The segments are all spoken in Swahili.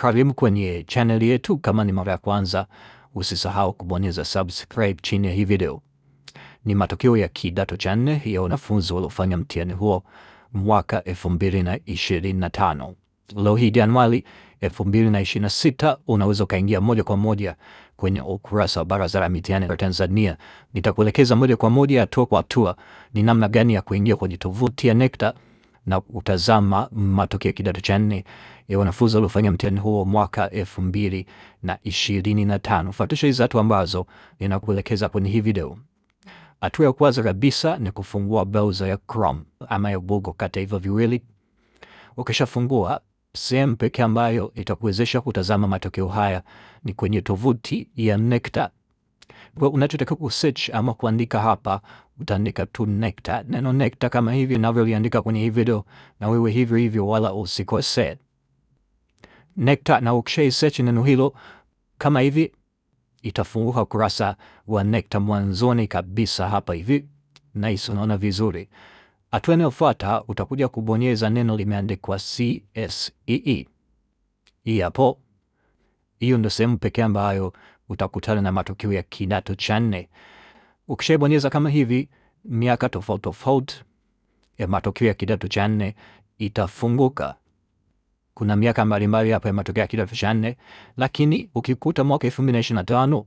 Karibu kwenye chaneli yetu. Kama ni mara ya kwanza, usisahau kubonyeza subscribe chini ya hii video. Ni matokeo ya kidato cha nne ya wanafunzi waliofanya mtihani huo mwaka 2025. Leo hii Januari 2026 unaweza ukaingia moja kwa moja kwenye ukurasa wa Baraza la Mitihani la Tanzania. Nitakuelekeza moja kwa moja, hatua kwa hatua, ni namna gani ya kuingia kwenye tovuti ya NECTA na utazama matokeo ya kidato cha nne ya wanafunzi waliofanya mtihani huo mwaka elfu mbili na ishirini na tano. Fuatisha hizi hatua ambazo ninakuelekeza kwenye hii video. Hatua ya kwanza kabisa ni kufungua browser ya Chrome ama ya Google, kati ya hivyo viwili. Ukishafungua, sehemu pekee ambayo itakuwezesha kutazama matokeo haya ni kwenye tovuti ya NECTA well, unachotaka kusearch ama kuandika hapa utaandika tu NECTA, neno NECTA kama hivi inavyoliandika kwenye hii video, na wewe hivyo hivyo, wala usikose NECTA. Na ukishai search neno hilo kama hivi, itafunguka ukurasa wa NECTA mwanzoni kabisa hapa hivi. Nice, unaona vizuri. Hatua inayofuata utakuja kubonyeza neno limeandikwa CSEE. E. Hii hapo, hiyo ndio sehemu pekee ambayo utakutana na matokeo ya kidato cha nne. Ukishaibonyeza kama hivi, miaka tofauti tofauti ya matokeo ya kidato cha nne itafunguka. Kuna miaka mbalimbali hapo ya matokeo ya kidato cha nne, lakini ukikuta mwaka elfu mbili na ishirini na tano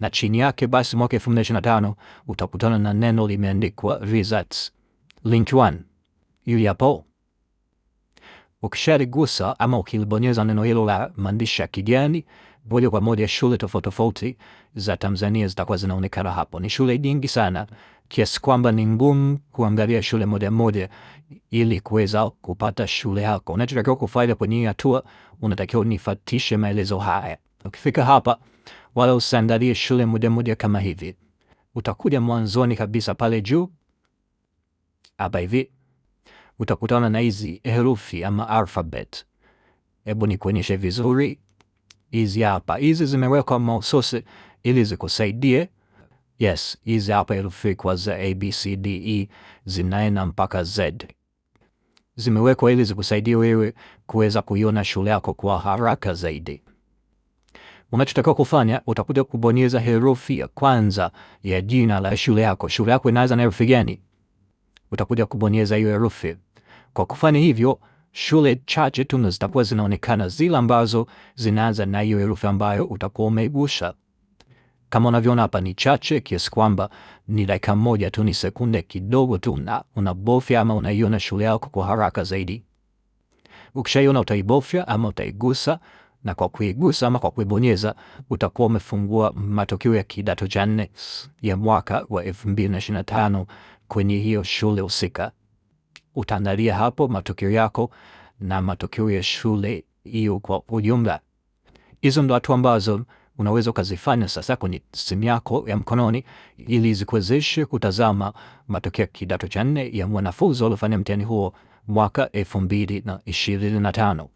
na chini yake, basi mwaka elfu mbili na ishirini na tano utakutana na neno limeandikwa results link one yuli hapo. Ukisharigusa ama ukilibonyeza neno hilo la maandishi ya kijani moja kwa moja shule tofauti tofauti za Tanzania zitakuwa zinaonekana hapo. Ni shule nyingi sana kiasi kwamba ni ngumu kuangalia shule moja moja ili kuweza kupata shule yako. Unachotakiwa kufanya kwenye hii hatua, unatakiwa unifatishe maelezo haya. Ukifika hapa, wala usiangalie shule moja moja kama hivi. Utakuja mwanzoni kabisa pale juu hapa hivi, utakutana na hizi herufi ama alphabet. Hebu nikuonyeshe vizuri hizi hapa, hizi zimewekwa mahususi ili zikusaidie. Yes, hizi hapa herufi kwa za A, B, C, D, E zinaenda mpaka Z, zimewekwa ili zikusaidie wewe kuweza kuiona shule yako kwa haraka zaidi. Unachotakiwa kufanya utakuja kubonyeza herufi ya kwanza ya jina la shule yako. Shule yako inaanza na herufi gani? Utakuja kubonyeza hiyo herufi. Kwa kufanya hivyo shule chache tu zitakuwa zinaonekana zile ambazo zinaanza na hiyo herufi ambayo utakuwa umeigusha. Kama unavyoona hapa ni chache kiasi kwamba ni dakika moja tu, ni sekunde kidogo tu, na unabofya ama unaiona shule yako kwa haraka zaidi. Ukishaiona utaibofya ama utaigusa, na kwa kuigusa ama kwa kuibonyeza utakuwa umefungua matokeo ya kidato cha nne ya mwaka wa 2025 kwenye hiyo shule husika utaangalia hapo matokeo yako na matokeo ya shule hiyo kwa ujumla. Hizo ndo hatua ambazo unaweza ukazifanya sasa kwenye simu yako ya mkononi ili zikuwezeshe kutazama matokeo ya kidato cha nne ya mwanafunzi waliofanya mtihani huo mwaka elfu mbili na ishirini na tano.